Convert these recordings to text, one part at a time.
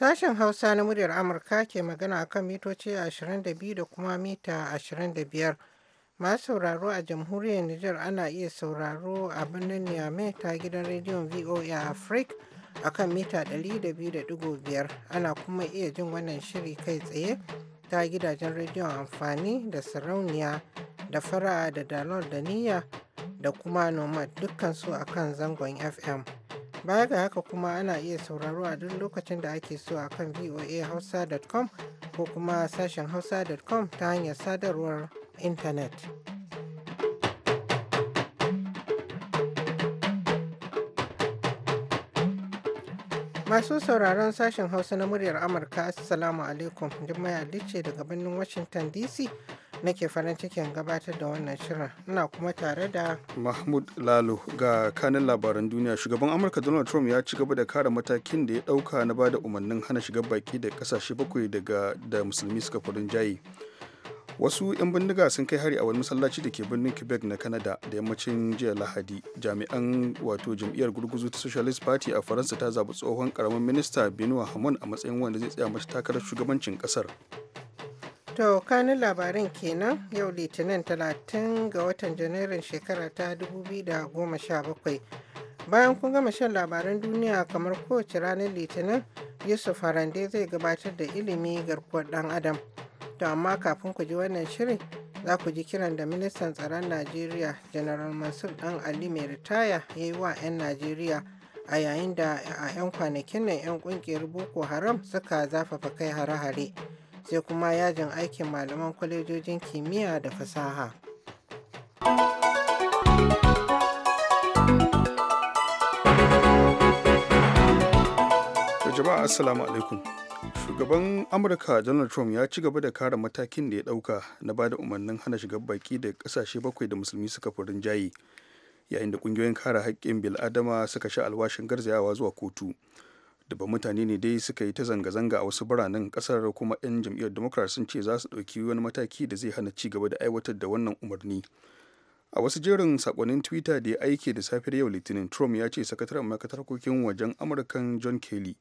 Sashen Hausa na muryar Amurka ke magana akan mitoci 22 da kuma mita 25. Masu sauraro a jamhuriyar Nijar ana iya sauraro a birnin Niamey ta gidan rediyon VOA Africa kan mita 200.5 ana kuma iya jin wannan shiri kai tsaye ta gidajen rediyon amfani da sarauniya da Fara da dalol da niyya da kuma nomad dukkansu akan zangon FM. Baya ga haka kuma ana iya sauraro a duk lokacin da ake so a kan voahausa.com ko kuma sashen hausa.com ta hanyar sadarwar intanet. Masu sauraron sashen Hausa na muryar Amurka, Assalamu alaikum. duk Ali ce daga birnin Washington DC nake farin cikin gabatar da wannan shirin. Ina kuma tare da Mahmud Lalo ga kanin labaran duniya. Shugaban Amurka Donald Trump ya ci gaba da kare matakin da ya ɗauka na bada umarnin hana shigar baki da kasashe bakwai daga da musulmi suka farin jayi. wasu 'yan bindiga sun kai hari a wani masallaci da ke birnin quebec na canada da yammacin jiya lahadi jami'an wato jam'iyyar gurguzu ta socialist party a faransa ta zaɓi tsohon karamin minista benoit hamon a matsayin wanda zai tsaya mata takarar shugabancin kasar to kanin labarin kenan yau litinin 30 ga watan janairun shekara ta 2017 bayan kun gama shan labaran duniya kamar kowace ranar litinin yusuf harande zai gabatar da ilimi garkuwar dan adam to amma kafin ku ji wannan shirin za ku ji kiran da ministan tsaron najeriya general mansur dan ali mai ritaya ya yi wa 'yan najeriya a yayin da a 'yan kwanakin nan 'yan kungiyar boko haram suka zafafa kai hare-hare sai kuma yajin aikin malaman kwalejojin kimiyya da fasaha jama'a assalamu alaikum shugaban amurka donald trump ya ci gaba da kare matakin da ya dauka na ba da umarnin hana shigar baki da kasashe bakwai da musulmi suka fi rinjaye yayin da kungiyoyin kare haƙƙin bil'adama suka sha alwashin garzayawa zuwa kotu dubban mutane ne dai suka yi ta zanga-zanga a wasu biranen kasar kuma 'yan jam'iyyar democrat sun ce za su ɗauki wani mataki da zai hana ci gaba da aiwatar da wannan umarni a wasu jerin sakonnin twitter da ya aike da safiyar yau litinin trump ya ce sakataren ma'aikatar harkokin wajen amurkan john kelly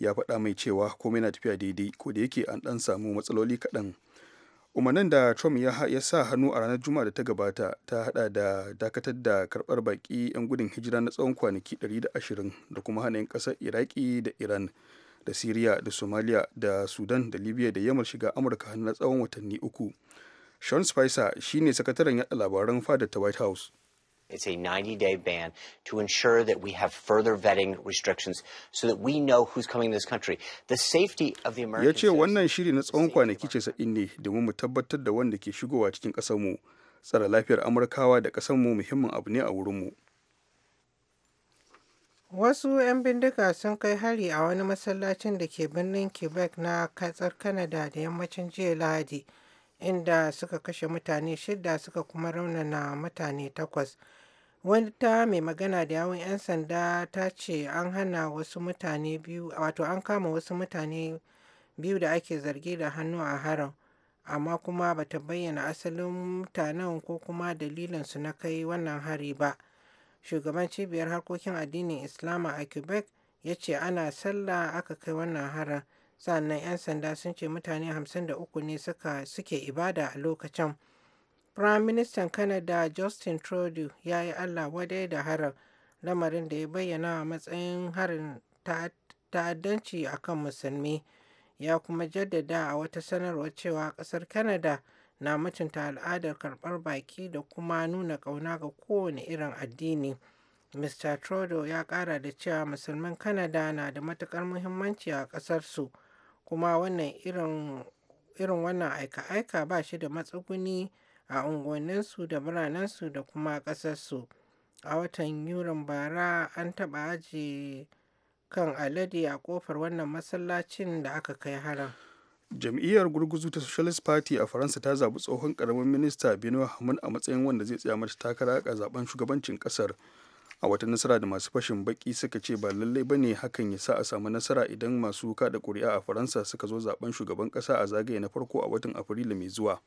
ya faɗa mai cewa komai na tafiya daidai ko da yake an ɗan samu matsaloli kaɗan umarnin da trump ya sa hannu a ranar juma'a da ta gabata ta haɗa da dakatar da karɓar baki 'yan gudun hijira na tsawon kwanaki 120 da kuma hana 'yan kasar iraki da iran da syria da somalia da sudan da libya da yamar shiga amurka na tsawon watanni uku sean spicer shine sakataren yada labaran fadar ta white house It's a 90 day ban to ensure that we have further vetting restrictions so that we know who's coming to this country. The safety of the American. Ya wannan shiri na tsawon kwanaki casa'in ne domin mu tabbatar da wanda ke shigowa cikin ƙasarmu. Tsara lafiyar Amurkawa da mu muhimmin abu ne a mu Wasu 'yan bindiga sun kai hari a wani masallacin da ke birnin Quebec na katsar Canada da yammacin jiya Lahadi, inda suka kashe mutane shida suka kuma raunana mutane takwas. wata mai magana da yawun 'yan sanda ta ce an hana wasu mutane biyu wato an kama wasu mutane biyu da ake zargi da hannu a harin amma kuma ba ta bayyana asalin mutanen ko kuma dalilinsu na kai wannan hari ba shugaban cibiyar harkokin addinin islam a quebec ya ce ana sallah aka kai wannan harin sannan 'yan sanda sun ce mutane 53 ne suke ibada a lokacin Firaministan Canada Justin Trudeau ya yi Allah wadai da harin, lamarin da ya bayyana a matsayin harin ta'addanci a kan musulmi. Ya kuma jaddada a wata sanarwar cewa ƙasar Canada na mutunta al'adar karɓar baki da kuma nuna ƙauna ga kowane irin addini. Mr. Trudeau ya ƙara da cewa musulman Canada na da matukar muhimmanci a ƙasarsu, kuma wannan irin, irin wannan aika-aika ba shi da matsuguni a unguwanninsu da biranensu da kuma ƙasarsu a watan yurin bara an taɓa ajiye kan alade a kofar wannan masallacin da aka kai haram jam'iyyar gurguzu ta socialist party a faransa ta zaɓi tsohon karamin minista benoit hamon a matsayin wanda zai tsaya mata takara a zaben shugabancin ƙasar a wata nasara da masu fashin baki suka ce ba lallai ba ne hakan ya sa a samu nasara idan masu kada ƙuri'a a faransa suka zo zaben shugaban ƙasa a zagaye na farko a watan afrilu mai zuwa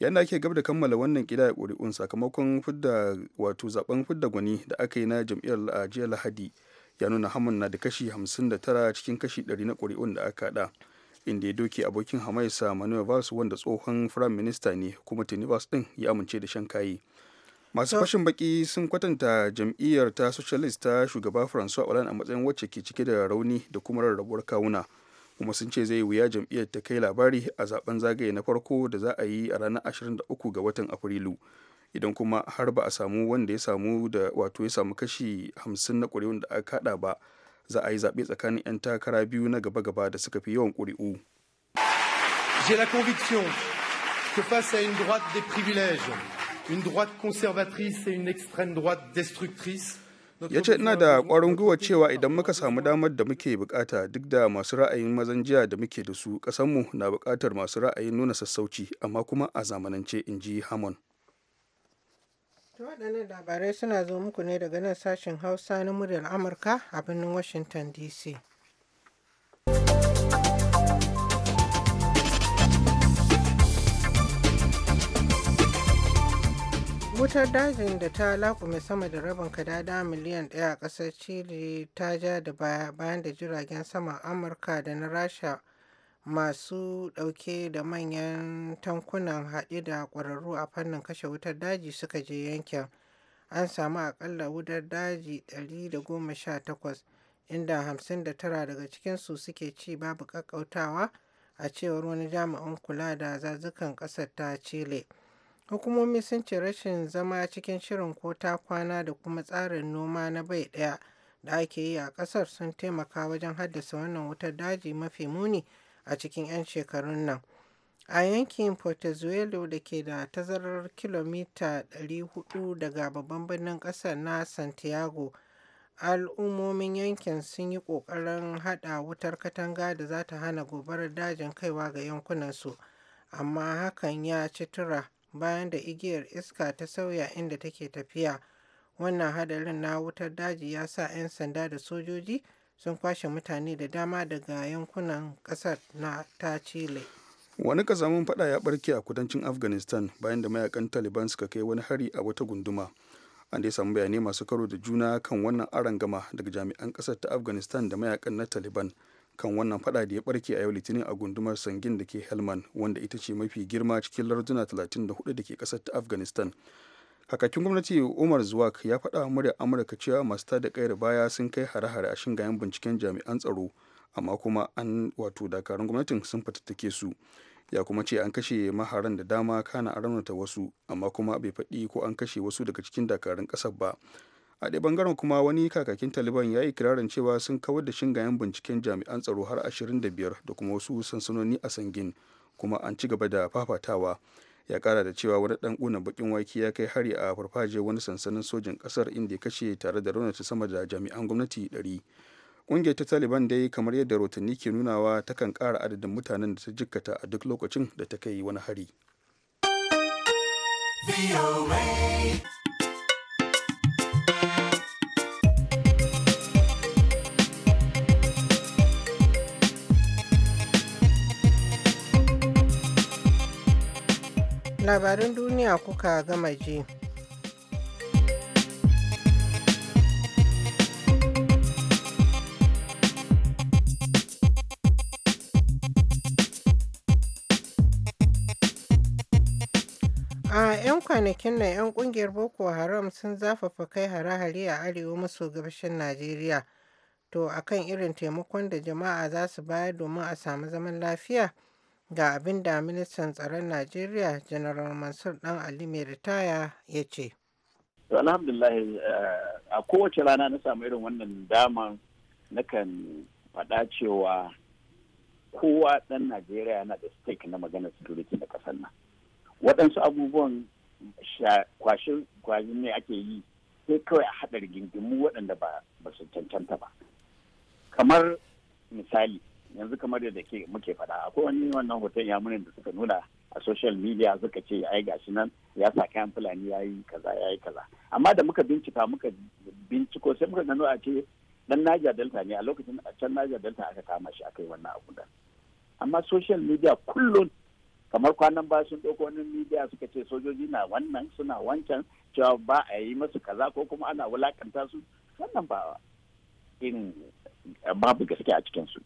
yadda ake gab da kammala wannan kidaya ƙuri'un sakamakon fidda wato zaben fidda gwani da aka yi na jam'iyyar a jiya lahadi ya nuna haman na da kashi 59 cikin kashi 100 na ƙuri'un da aka haɗa inda ya doke abokin hamaisa manuel valls wanda tsohon firayim minista ne kuma tuni ɗin din ya amince da shan kayi masu fashin baki sun kwatanta jam'iyyar ta socialist ta shugaba francois hollande a matsayin wacce ke cike da rauni da kuma rarrabuwar kawuna kuma sun ce zai wuya jam'iyyar ta kai labari a zaben zagaye na farko da za a yi a ranar 23 ga watan afrilu idan kuma har ba a samu wanda ya samu da wato ya samu kashi 50 na ƙuri'un da aka kada ba za a yi zaɓe tsakanin 'yan takara biyu na gaba-gaba da suka fi yawan ƙuri'u. J'ai la conviction que face à une droite des privilèges, une droite conservatrice et une extrême droite destructrice, ya ce ina da kwarin gwiwa cewa idan muka samu damar da muke bukata duk da masu ra'ayin mazan jiya da muke da su kasanmu na bukatar masu ra'ayin nuna sassauci amma kuma a zamanance in ji hamon waɗannan labarai suna zo muku ne daga nan sashen hausa na muryar amurka a birnin washington dc wutar dajin da ta lakume sama da rabin kadada miliyan daya a kasar chile ta ja da baya bayan da jiragen sama amurka da na rasha masu dauke da manyan tankunan haɗe da ƙwararru a fannin kashe wutar daji suka je yankin an samu akalla wutar daji 118 inda 59 daga cikinsu suke ci babu ƙaƙƙautawa a cewar wani jami'in kula da zazukan ƙasar ta chile hukumomi sun ci rashin zama cikin shirin ko ta kwana da kuma tsarin noma na bai ɗaya da ake yi a ƙasar sun taimaka wajen haddasa wannan wutar daji mafi muni a cikin 'yan shekarun nan a yankin portezuelo da ke da tazarar kilomita 400 daga babban birnin ƙasa na santiago al'ummomin yankin sun yi ƙoƙarin haɗa wutar katanga da za ta hana gobarar dajin kaiwa ga yankunansu amma hakan ya ci tura bayan da igiyar iska ta sauya inda take tafiya. Wannan hadarin na wutar daji ya sa 'yan sanda da sojoji sun kwashe mutane da dama daga yankunan kasar na ta Chile. Wani kasamun fada ya barke a kudancin Afghanistan bayan da mayakan Taliban suka kai wani hari a wata gunduma. An dai samu bayanai masu karo da juna kan wannan arangama daga jami'an kasar ta Afghanistan da mayakan na Taliban. kan wannan fada da ya barke a yau litinin a gundumar sangin da ke helman wanda ita ce mafi girma cikin larduna 34 da ke kasar ta afghanistan hakakin gwamnati umar zuwak ya fada wa murya amurka cewa masu tada kayar baya sun kai hare-hare a shingayen binciken jami'an tsaro amma kuma an wato dakarun gwamnatin sun fatattake su ya kuma ce an kashe maharan da dama kana a raunata wasu amma kuma bai faɗi ko an kashe wasu daga cikin dakarun ƙasar ba a ɗaya bangaren kuma wani kakakin taliban ya yi kirarin cewa sun kawar da shingayen binciken jami'an tsaro har 25 da kuma wasu sansanoni a sangin kuma an ci gaba da fafatawa ya kara da cewa wani ɗan ƙuna bakin wake ya kai hari a farfaje wani sansanin sojin ƙasar inda ya kashe tare da raunata sama da jami'an gwamnati 100 ƙungiyar ta taliban dai kamar yadda rotanni ke nunawa takan ƙara adadin mutanen da ta jikkata a duk lokacin da ta kai wani hari Labarin duniya kuka gama ji. kwanakin nan 'yan kungiyar Boko Haram sun zafafa kai hare-hare a arewa maso gabashin Najeriya. To akan irin taimakon da jama'a za su bayar domin a samu zaman lafiya ga abin da ministan tsaron Najeriya General Mansur Dan Ali mai ritaya ya ce. Alhamdulillah eh, a kowace rana na samu irin wannan dama nakan faɗa cewa kowa ɗan Najeriya yana da stake na maganar security na ƙasar nan. waɗansu abubuwan kwashe kwashin ne ake yi sai kawai a haɗa rigingimu waɗanda ba su cancanta ba kamar misali yanzu kamar yadda ke muke faɗa akwai wani wannan hoton yamurin da suka nuna a social media suka ce ai gashi nan ya sa kayan fulani ya yi kaza ya yi kaza amma da muka bincika muka binciko sai muka gano a ce dan Niger Delta ne a lokacin a can Niger Delta aka kama shi aka yi wannan abu da amma social media kullum kamar kwanan baya sun ɗauko wani media suka ce sojoji na wannan suna wancan cewa ba a yi masu kaza ko kuma ana wulakanta su wannan ba in babu gaske a cikin su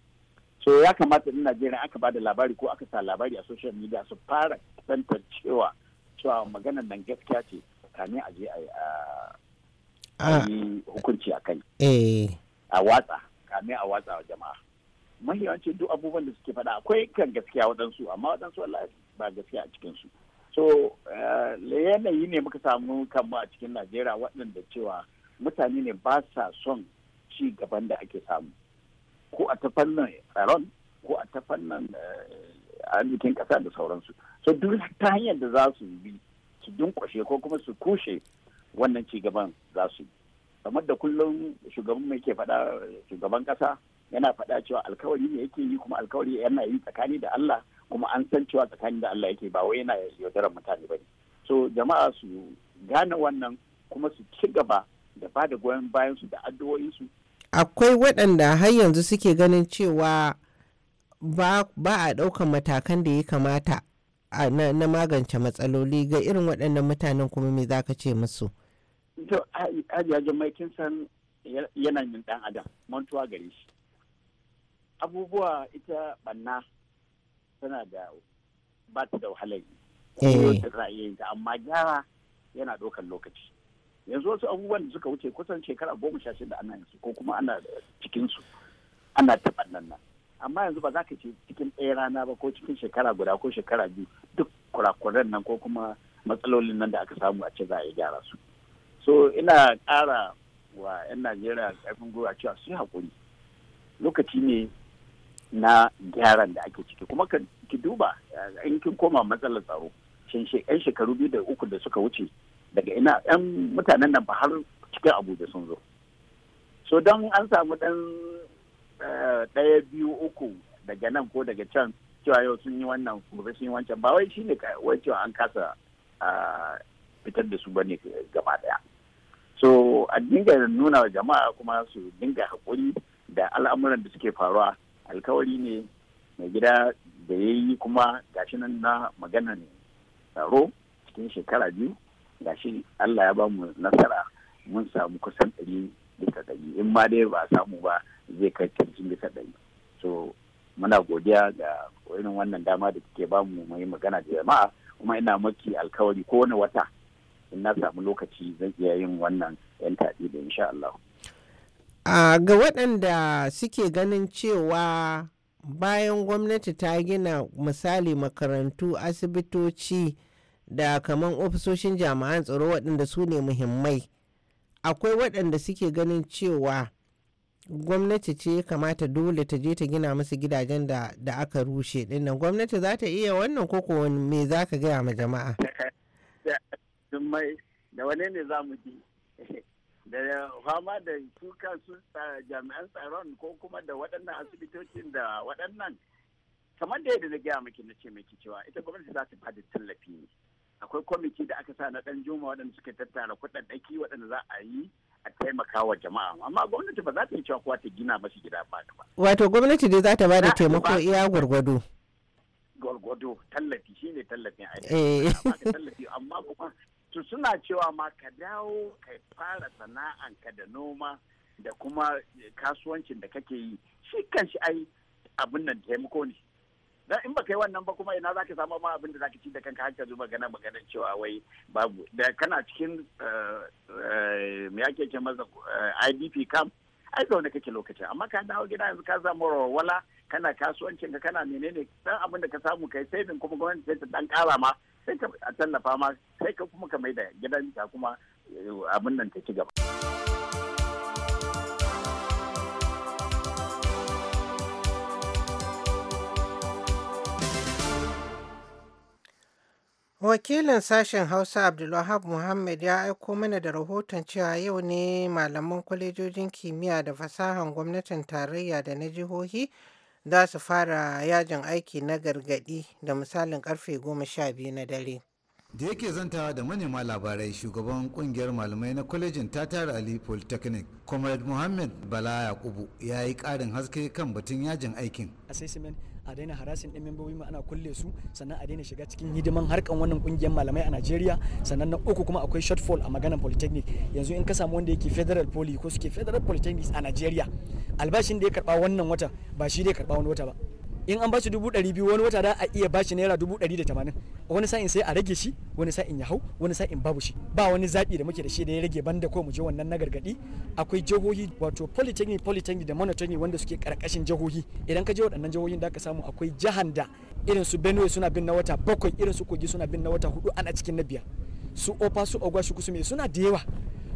so ya kamata ina najeriya aka ba da labari ko aka sa labari a social media su fara tantar cewa cewa maganar nan gaskiya ce kame a je a yi ah. hukunci a kai eh. a watsa kame a watsa wa jama'a mahiyawancin duk abubuwan da suke faɗa akwai kan gaskiya waɗansu amma waɗansu Allah ba gaskiya a cikinsu so eh, yanayi ne muka samu kanmu a cikin najeriya waɗanda cewa mutane ne ba sa son ci gaban da ake samu ko a ta fannin tsaron ko a ta fannin eh, arzikin ƙasa da sauransu so duk ta hanyar da za su bi su dunkushe ko kuma su kushe wannan ci gaban za su yi kamar da kullum shugaban mai ke faɗa shugaban ƙasa yana faɗa cewa alkawari ne yake yi kuma alkawari yana yi tsakani da Allah kuma an san cewa tsakani da Allah yake ba wai yana yaudarar mutane ba ne so jama'a su gane wannan kuma su ci gaba da ba da goyon bayan su da addu'o'in su akwai waɗanda har yanzu suke ganin cewa ba a ɗaukan matakan da ya kamata na magance matsaloli ga irin waɗannan mutanen kuma me za ka ce musu to jama'a kin san yanayin ɗan adam mantuwa gare shi abubuwa ita banna tana da ba ta da wahalar yi za eh. amma gyara yana ɗaukar lokaci yanzu wasu abubuwan da suka wuce kusan shekara goma sha shida ana yanzu ko kuma ana cikinsu ana ta bannan nan amma yanzu ba za ka ce cikin ɗaya rana ba ko cikin shekara guda ko shekara biyu duk kurakuran nan ko kuma matsalolin nan da aka samu a ce za a yi gyara su so ina ƙara wa 'yan najeriya ƙarfin gwiwa cewa su yi haƙuri lokaci ne na gyaran da ake ciki kuma ki duba eh, in kin koma matsalar tsaro shin yan shekaru biyu da uku da suka wuce daga ina yan mutanen nan ba har cikin abuja sun zo so don an samu dan eh, ɗaya biyu uku daga nan ko daga can cewa yau sun yi wannan gobe sun yi wancan ba wai shine wai cewa an kasa ah, fitar da su bane gaba daya so a dinga nuna wa jama'a kuma su dinga haƙuri da al'amuran da suke faruwa alkawari ne mai gida da ya yi kuma gashi nan na magana ne tsaro cikin shekara biyu gashi allah ya bamu nasara mun samu kusan ɗari bisa ɗari in ma dai ba samu ba zai kai ƙarfin bisa ɗari so muna godiya ga irin wannan dama da ba bamu mai magana da jama'a kuma ina maki alkawari kowane wata in na samu lokaci zan iya yin wannan yan taɗi da insha Allah. Uh, ga waɗanda suke ganin cewa bayan gwamnati ta gina misali makarantu asibitoci da kamar ofisoshin jami'an tsaro waɗanda su ne muhimmai akwai waɗanda suke ganin cewa gwamnati ce kamata dole ta je ta gina musu gidajen da, aka rushe dinnan gwamnati za ta iya wannan koko me za ka gaya ma jama'a da wane ne za mu ji da fama da su jami'an tsaron ko kuma da waɗannan asibitocin da waɗannan kamar da yadda na gaya maki na ce maki cewa ita gwamnati za ta bada tallafi ne akwai kwamiti da aka sa na ɗan juma waɗanda suka tattara ɗaki waɗanda za a yi a taimaka wa jama'a amma gwamnati ba za ta yi cewa kowa ta gina masu gida ba ba. wato gwamnati dai za ta bada taimako iya gwargwado. gwargwado tallafi shine tallafin aiki eh. tallafi amma kuma to suna cewa ma ka dawo ka fara sana'anka da noma da kuma kasuwancin da kake yi shi kanshi ai abin nan taimako ne dan in baka yi wannan ba kuma ina zaka samu ma abin da zaka ci da kanka har ka zo magana magana cewa wai babu da kana cikin eh, eh, me yake ce masa eh, IDP camp ai wani kake lokacin amma ka dawo gida yanzu ka zama wala kana kasuwancin ka kana menene dan abin da ka samu kai sai din kuma gwamnati sai ta dan kara ma sai ka tallafa ma sai ka kuma ka mai da gidan ka kuma eh, abin nan ta ci gaba. Wakilin sashen Hausa Abdulwahab Muhammad ya aiko mana da rahoton cewa yau ne malaman kwalejojin kimiyya da fasahan gwamnatin tarayya da na jihohi za su fara yajin aiki na gargaɗi da misalin karfe goma sha biyu na dare. da yake zantawa da manema labarai shugaban kungiyar malamai na kwalejin tatar ali polytechnic comrade muhammad bala yakubu ya yi karin haske kan batun yajin aikin a daina harasin ɗin membobi mu ana kulle su sannan a daina shiga cikin hidiman harkan wannan kungiyar malamai a Najeriya sannan na uku kuma akwai shortfall a maganar polytechnic yanzu in ka samu wanda yake federal poly ko suke federal polytechnics a Najeriya albashin da ya karba wannan wata ba shi da ya karba wani wata ba in an bashi dubu ɗari biyu wani wata da a iya bashi naira dubu ɗari da tamanin wani sa'in sai a rage shi wani sa'in ya hau wani sa'in babu shi ba wani zaɓi da muke da shi da ya rage banda ko mu je wannan na gargaɗi akwai jihohi wato polytechnic polytechnic da monotony wanda suke karkashin jihohi idan ka je waɗannan jihohin da aka samu akwai jahan da irin su benue suna bin na wata bakwai irin su kogi suna bin na wata hudu ana cikin na biyar su opa su ogwa su kusume suna da yawa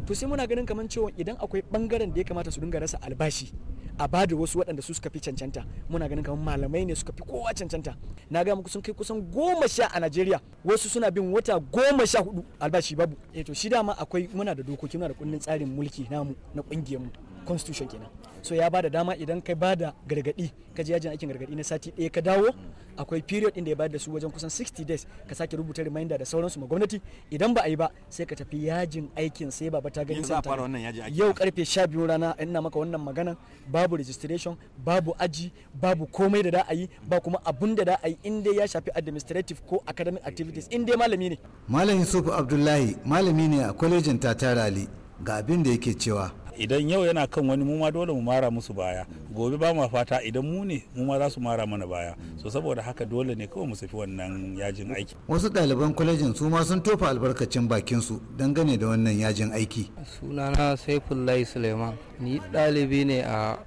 to sai muna ganin kamar cewa idan akwai bangaren da ya kamata su dinga rasa albashi a ba da wasu waɗanda su suka fi cancanta muna ganin kamar malamai ne suka fi kowa cancanta na ga muku sun kai kusan goma sha a najeriya wasu suna bin wata goma sha hudu albashi babu e to shi dama akwai muna da dokoki muna da kundin tsarin mulki namu na kungiyar mu constitution kenan so ya bada dama idan kai bada gargadi ka je yajin aikin gargadi na sati ɗaya ka dawo akwai period din da ya bada da su wajen kusan 60 days ka sake rubuta reminder da sauransu ma gwamnati idan ba a yi ba sai ka tafi yajin aikin sai ba ta gani sai yau karfe 12 rana ina maka wannan magana babu registration babu aji babu komai da da a yi ba kuma abun da da a yi in ya shafi administrative ko academic activities in dai malami ne malam yusuf abdullahi malami ne a kwalejin tatarali ga abin da yake cewa idan yau yana kan wani mu ma dole mu mara musu baya gobe ba ma fata idan mu ne mu ma za su mara mana baya so saboda haka dole ne kawai mu safi wannan yajin aiki wasu ɗaliban kwalejin su ma sun tofa albarkacin bakin su dangane da wannan yajin aiki sunana saifullahi suleiman ni ɗalibi ne a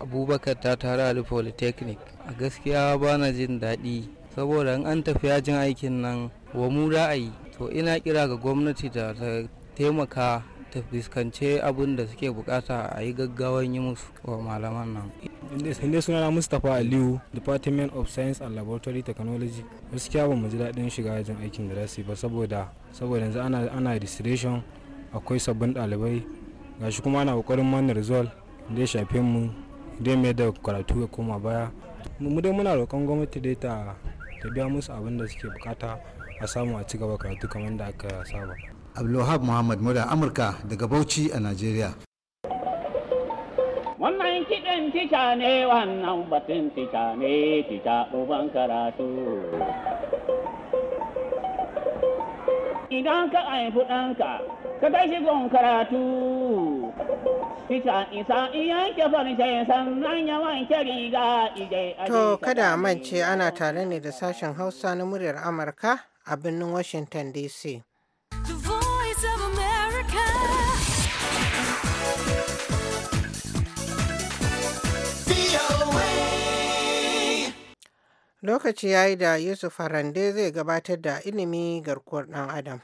abubakar ta tara ali polytechnic a gaskiya ba na jin daɗi saboda in an tafi yajin aikin nan wa mu ra'ayi to ina kira ga gwamnati da ta taimaka ta fuskance abin da suke bukata a yi gaggawan yi musu wa malaman nan inda suna na mustapha aliyu department of science and laboratory technology gaskiya ba mu ji daɗin shiga yajin aikin da rasi ba saboda saboda yanzu ana ana akwai sabbin ɗalibai gashi kuma ana kokarin mana result da ya shafe mu da mai da karatu ya koma baya mu dai muna roƙon gwamnati dai ta biya musu abin da suke bukata a samu a ci gaba karatu kamar da aka saba abdulwahab muhammad mura amurka daga bauchi a najeriya wannan kiɗin tica ne wannan batun tica ne tica ɗuban karatu idan ka aifi ɗanka ka kai shi gon karatu tica isa iyanke farce sannan ya wanke riga ije to kada mance ana tare ne da sashen hausa na muryar amurka a birnin washington dc Lokaci ya yi da Yusuf Harande zai gabatar da ilimi garkuwar ɗan Adam.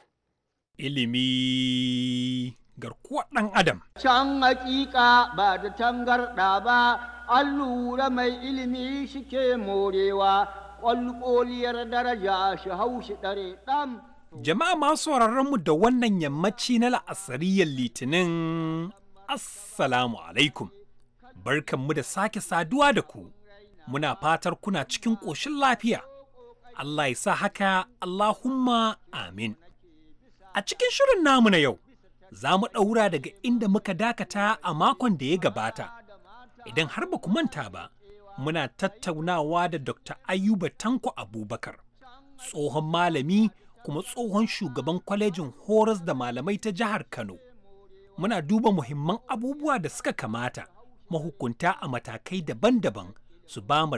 Ilimi garkuwar ɗan Adam. Can hakika ba da tangarɗa ba, an lura mai ilimi shike morewa, kwalkoliyar daraja shi haushi ɗare ɗan. Jama'a masu mu da wannan yammaci na la'asariyar litinin Assalamu alaikum, barkanmu da sake saduwa da ku. muna fatar kuna cikin ƙoshin lafiya. Allah ya sa haka Allahumma amin. A cikin shirin namu na yau, za mu ɗaura daga inda muka dakata a makon da ya gabata. Idan har ba ku manta ba, muna tattaunawa da Dr. Ayuba Tanko Abubakar, tsohon malami kuma tsohon shugaban kwalejin horas da malamai ta jihar Kano. Muna duba muhimman abubuwa da suka kamata mahukunta a matakai daban-daban su ba mu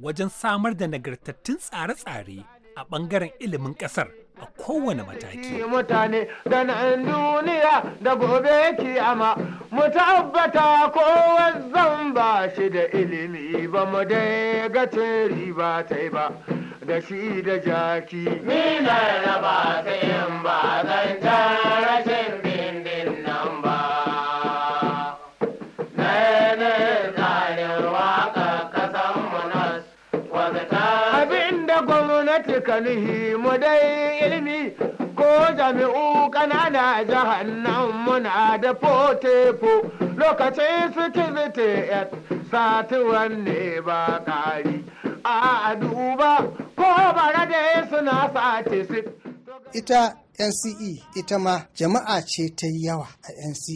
wajen samar da nagartattun tsare-tsare a ɓangaren ilimin ƙasar a kowane mataki. mutane da nan duniya da gobe kiyama mu tabbata kowan zan ba shi da ilimi ba mu dai ga ba ta ba da shi da jaki. Ni na ba ta yin ba ka mu dai ilimi ko jami'u kanana jahannan muna da fotefo lokacin sikiriti yat sati wanne ba kari a duba ko bara da suna sati ita nce ita ma jama'a ce ta yawa a nce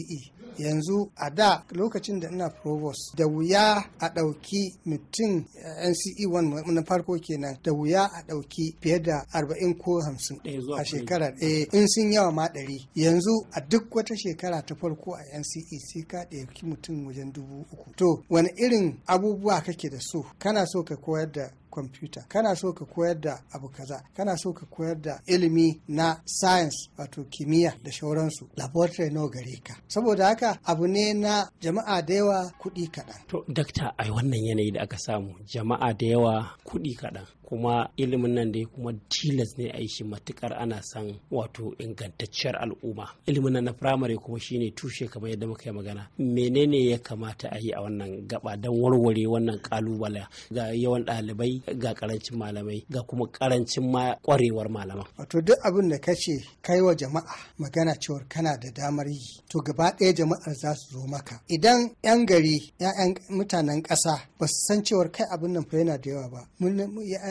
yanzu a da lokacin da ina provost da wuya a ɗauki mutum eh, nce 1 na farko kenan da wuya a ɗauki fiye da 40 ko 50 eh, a shekara ɗaya eh, in sun yawa ma ɗari yanzu a duk wata shekara ta farko a nce sai ka ɗauki mutum wajen dubu uku to wani irin abubuwa kake da so kana so ka koyar da kwamfuta kana so ka koyar da abu kaza kana so ka koyar da ilimi na science wato kimiyya da shauransu laboratory nawa gare ka saboda haka abu ne na jama'a da yawa kuɗi kaɗan to dakta ai wannan yanayi da aka samu jama'a da yawa kuɗi kaɗan kuma ilimin nan da kuma tilas ne a shi matukar ana san wato ingantacciyar al'umma ilimin nan na firamare kuma shine tushe kamar yadda muka yi magana menene ya kamata a yi a wannan gaba don warware wannan kalubala ga yawan ɗalibai ga karancin malamai ga kuma karancin ma kwarewar malaman wato duk abin da ka ce kai wa jama'a magana cewar kana da damar yi to gaba ɗaya jama'ar za su zo maka idan 'yan gari 'ya'yan mutanen ƙasa ba su san cewar kai abin nan fa yana da yawa ba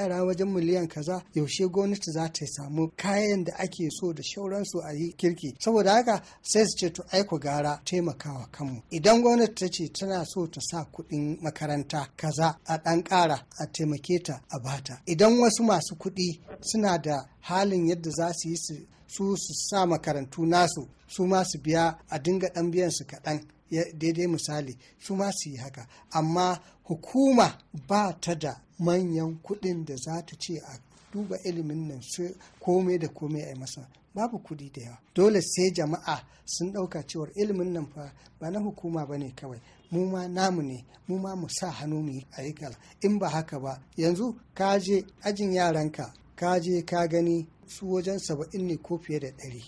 yara wajen miliyan kaza yaushe gwamnati za ta samu kayan da ake so da shauransu a yi kirki saboda haka sai su ce to aiko gara taimakawa kanmu idan gwamnati ta ce tana so ta sa kuɗin makaranta kaza a ɗan ƙara a taimake ta a bata idan wasu masu kuɗi suna da halin yadda za su yi su su sa makarantu nasu su ma su biya a dinga ɗan biyan su kaɗan daidai misali su ma su yi haka amma hukuma ba ta da manyan kuɗin da za ta ce a duba ilimin nan su komai da komai a yi masa babu kuɗi da yawa dole sai jama'a sun ɗauka cewar ilimin nan fa ba na hukuma ba ne kawai mu ma namu ne mu ma mu sa hannu mu yi ayyukan in ba haka ba yanzu ka je ajin yaranka ka je ka gani su wajen saba'in ne ko fiye da ɗari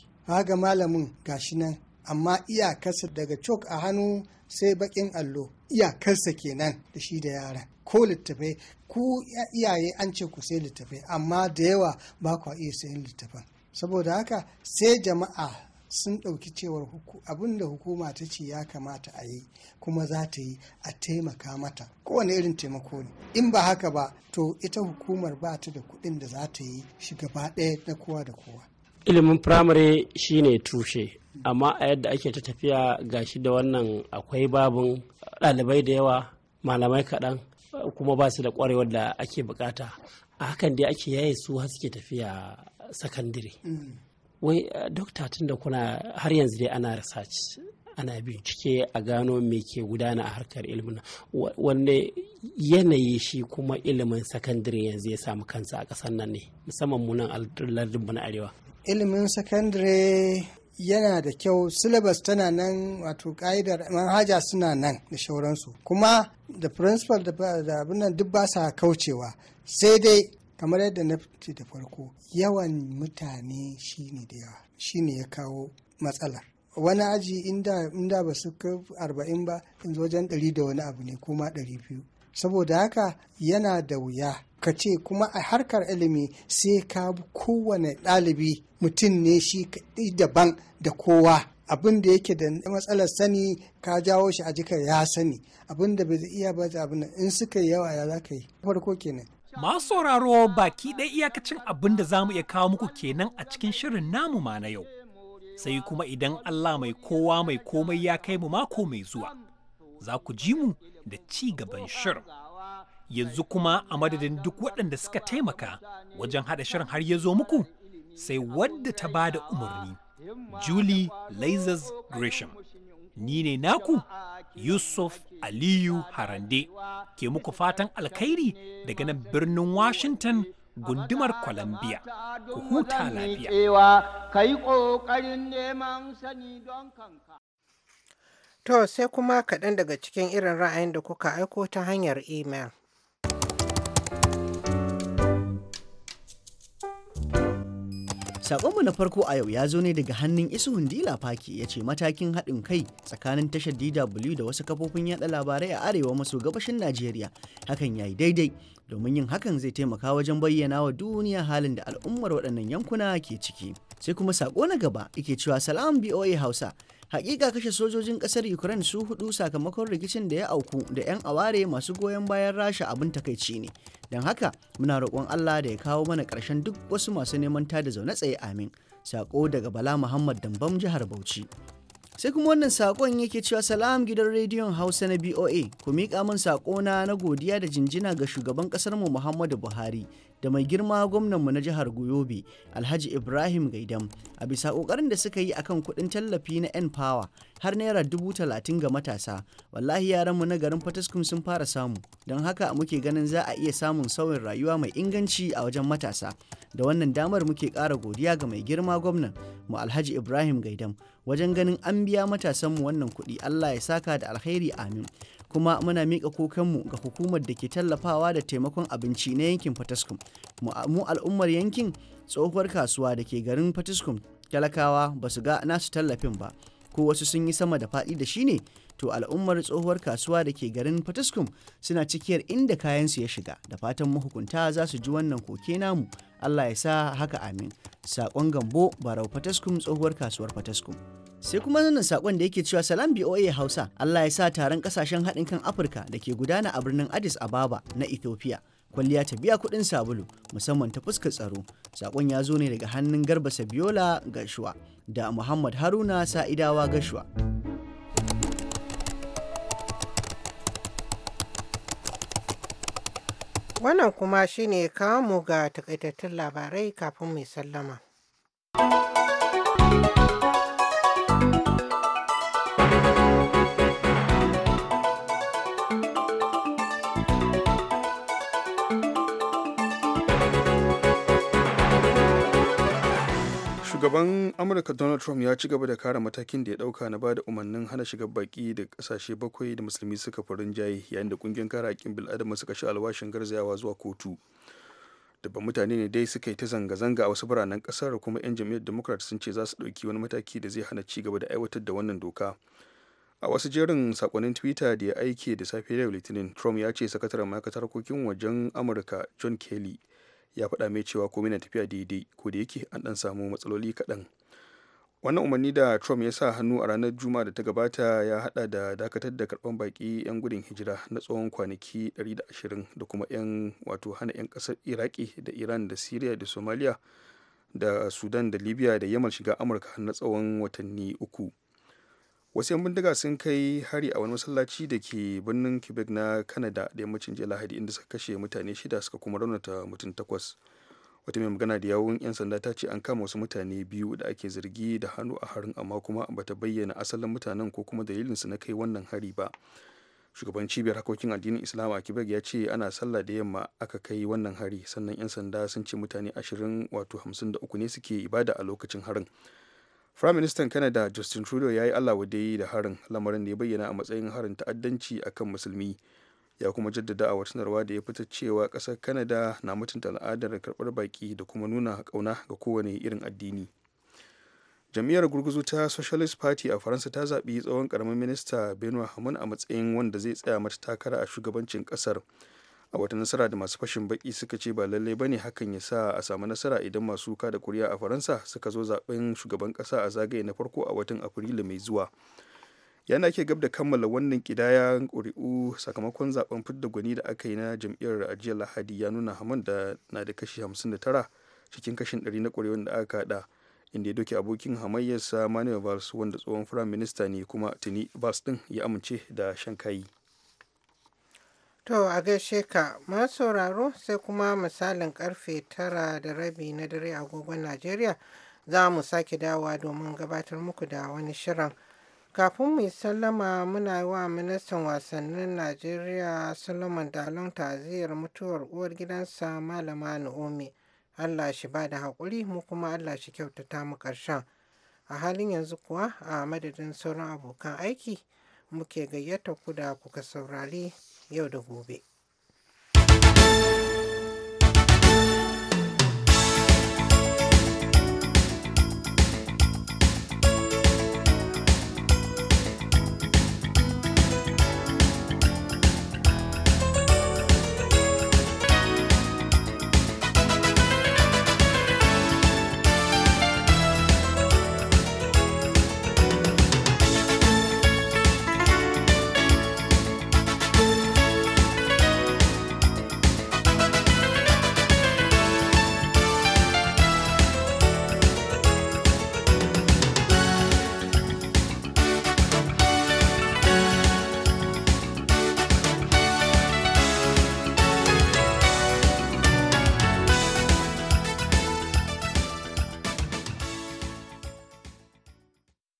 ga malamin gashi nan amma iyakarsa daga cok a hannu sai bakin allo iyakarsa kenan da shi da yaran. ko littafai ku iyaye an ce ku sai littafai amma da yawa ba ku iya sayan littafan saboda haka sai jama'a sun ɗauki cewar abin da hukuma ta ce ya kamata a yi kuma za ta yi a taimaka mata kowane irin taimako ne in ba haka ba to ita hukumar ba ta da kuɗin da za ta yi shi gaba ɗaya na kowa da kowa ilimin firamare shine tushe amma a yadda ake ta tafiya gashi da wannan akwai babin ɗalibai da yawa malamai kaɗan kuma ba su da kwarewar da ake bukata a hakan dai ake yaye su haske suke tafiya sakandire wai eh, dokta tun da kuna har yanzu dai ana research ana bincike a gano me ke gudana a harkar ilimin wanne yanayi shi kuma ilimin sakandire yanzu ya samu kansa a kasar nan ne musamman munan lardin na arewa ilimin sakandire yana da kyau syllabus tana nan wato ka'idar manhaja suna nan da shauransu kuma da principal da abin nan duk ba sa kaucewa sai dai kamar yadda na ce da farko yawan mutane shine da yawa shine ya kawo matsalar wani aji inda inda ba su arba'in ba yanzu wajen ɗari da wani abu ne koma ɗari biyu saboda haka yana da wuya ka ce kuma a harkar ilimi sai ka kowane ɗalibi mutum ne shi kaɗi daban da kowa abin da yake da matsalar sani ka jawo shi a jika ya sani abin da bai iya ba abin in suka yi yawa ya za ka yi farko kenan masu sauraro baki ɗaya iyakacin abin da za mu iya kawo muku kenan a cikin shirin namu ma na yau sai kuma idan Allah mai kowa mai komai ya kai mu mako mai zuwa za ku ji mu da ci gaban shirin yanzu kuma a madadin duk waɗanda suka taimaka wajen haɗa shirin har ya zo muku sai wadda ta ba da umarni julie lazers gresham ni ne naku yusuf aliyu harande ke muku fatan alkhairi daga nan birnin washington gundumar columbia ku huta lafiya to sai kuma kaɗan daga cikin irin ra'ayin da kuka aiko ta hanyar imel. Sakonmu na farko a yau ya zo ne daga hannun isu Dila Faki ya ce matakin haɗin kai tsakanin tashar DW da wasu kafofin yada labarai a arewa maso gabashin Najeriya hakan ya yi daidai domin yin hakan zai taimaka wajen bayyana wa duniya halin da al'ummar waɗannan yankuna ke ciki. Sai kuma sako na gaba yake cewa salam BOA Hausa hakika kashe sojojin kasar ukraine su hudu sakamakon rikicin da ya auku da 'yan aware masu goyon bayan rasha abin takaici ne don haka muna roƙon allah da ya kawo mana ƙarshen duk wasu masu neman tada zaune tsaye amin sako daga bala muhammad dambam jihar bauchi sai kuma wannan sakon yake cewa salam gidan rediyon hausa na boa ku miƙa min sako na godiya da jinjina ga shugaban kasarmu muhammadu buhari da mai girma gwamnanmu na jihar Goyobe Alhaji Ibrahim Gaidam a bisa kokarin da suka yi akan kuɗin tallafi na N Power har naira dubu talatin ga matasa wallahi yaranmu na garin Fataskum sun fara samu don haka muke ganin za a iya samun sauyin rayuwa mai inganci a wajen matasa da wannan damar muke ƙara godiya ga mai girma gwamnan mu Alhaji Ibrahim Gaidam wajen ganin an biya matasanmu wannan kuɗi Allah ya saka da alkhairi amin kuma muna miƙa kokenmu ga hukumar da ke tallafawa da taimakon abinci na yankin fataskum mu al'ummar yankin tsohuwar kasuwa da ke garin fataskum talakawa ba su ga nasu tallafin ba ko wasu sun yi sama da faɗi da shi ne to al'ummar tsohuwar kasuwa da ke garin fataskum suna cikiyar inda kayansu ya shiga da fatan mahukunta za su ji wannan koke namu allah ya sa haka amin saƙon gambo barau fataskum tsohuwar kasuwar fataskum sai kuma nuna sakon da yake cewa salam BOA Hausa Allah ya sa taron kasashen haɗin kan Afirka da ke gudana a birnin Addis Ababa na Ethiopia kwalliya ta biya kuɗin sabulu musamman ta fuskar tsaro sakon ya zo ne daga hannun Garba Sabiola Gashuwa da Muhammad Haruna Sa'idawa Gashuwa Wannan kuma shine kawo mu ga takaitattun labarai kafin mai sallama. shugaban amurka donald trump ya ci gaba da kare matakin da ya dauka na bada umarnin hana shiga baki da kasashe bakwai da musulmi suka fi rinjaye yayin da kungiyar kare hakkin bil'adama suka sha alwashin garzayawa zuwa kotu dabban mutane ne dai suka yi ta zanga-zanga a wasu biranen kasar kuma 'yan jam'iyyar democrat sun ce za su dauki wani mataki da zai hana ci gaba da aiwatar da wannan doka a wasu jerin sakonnin twitter da ya aike da safe yau litinin trump ya ce sakataren ma'aikatar harkokin wajen amurka john kelly ya faɗa mai cewa komai na tafiya daidai ko da yake an ɗan samu matsaloli kaɗan wannan umarni da trump ya sa hannu a ranar juma'a da ta gabata ya haɗa da dakatar da karɓar baƙi 'yan gudun hijira na tsawon kwanaki 120 da kuma 'yan wato hana 'yan ƙasar iraki da iran da syria da somalia da sudan da libya da yamal shiga amurka na tsawon watanni uku wasu 'yan bindiga sun kai hari a wani masallaci da ke birnin quebec na canada da yammacin jiya lahadi inda suka kashe mutane shida suka kuma raunata mutum takwas wata mai magana da yawun 'yan sanda ta ce an kama wasu mutane biyu da ake zargi da hannu a harin amma kuma bata bayyana asalin mutanen ko kuma dalilinsu na kai wannan hari ba shugaban cibiyar hakokin addinin islam a quebec ya ce ana sallah da yamma aka kai wannan hari sannan 'yan sanda sun ce mutane ashirin wato 53 ne suke ibada a lokacin harin Prime Minister Canada Justin Trudeau ya yi Allah wadai da harin lamarin da ya bayyana a matsayin harin ta'addanci akan musulmi ya kuma jaddada a sanarwa da ya fitar cewa ƙasar Canada na mutunta al'adar karɓar baki da kuma nuna ƙauna ga kowane irin addini. Jam'iyyar gurguzu ta Socialist Party a Faransa ta zaɓi tsohon ƙaramin minista Benoit Hamon a matsayin wanda zai tsaya mata takara a shugabancin ƙasar. a wata nasara da masu fashin baki suka ce ba lallai bane hakan ya sa a samu nasara idan masu kada kuri'a a faransa suka zo zaben shugaban kasa a zagaye na farko a watan afrilu mai zuwa yana ke gab da kammala wannan kidaya kuri'u sakamakon zaben fidda gwani da aka yi na jam'iyyar ajiyar lahadi ya nuna haman da na da kashi 59 cikin kashin 100 na ƙuri'un da aka haɗa inda ya doke abokin hamayyarsa manuel valls wanda tsohon firayim minista ne kuma tuni valls din ya amince da shan kayi To a gaishe ka masu sauraro sai kuma misalin karfe tara da rabi na dare agogon Najeriya za mu sake dawa domin gabatar muku da wani shirin. Kafin mu sallama muna yi wa ministan wasannin Najeriya Solomon Dalon ta'aziyar mutuwar uwar gidansa Malama Naomi. Allah shi ba da haƙuri mu kuma Allah shi kyautata mu ƙarshen. A halin yanzu kuwa a madadin sauran abokan aiki muke gayyata ku da kuka saurari yau da gobe.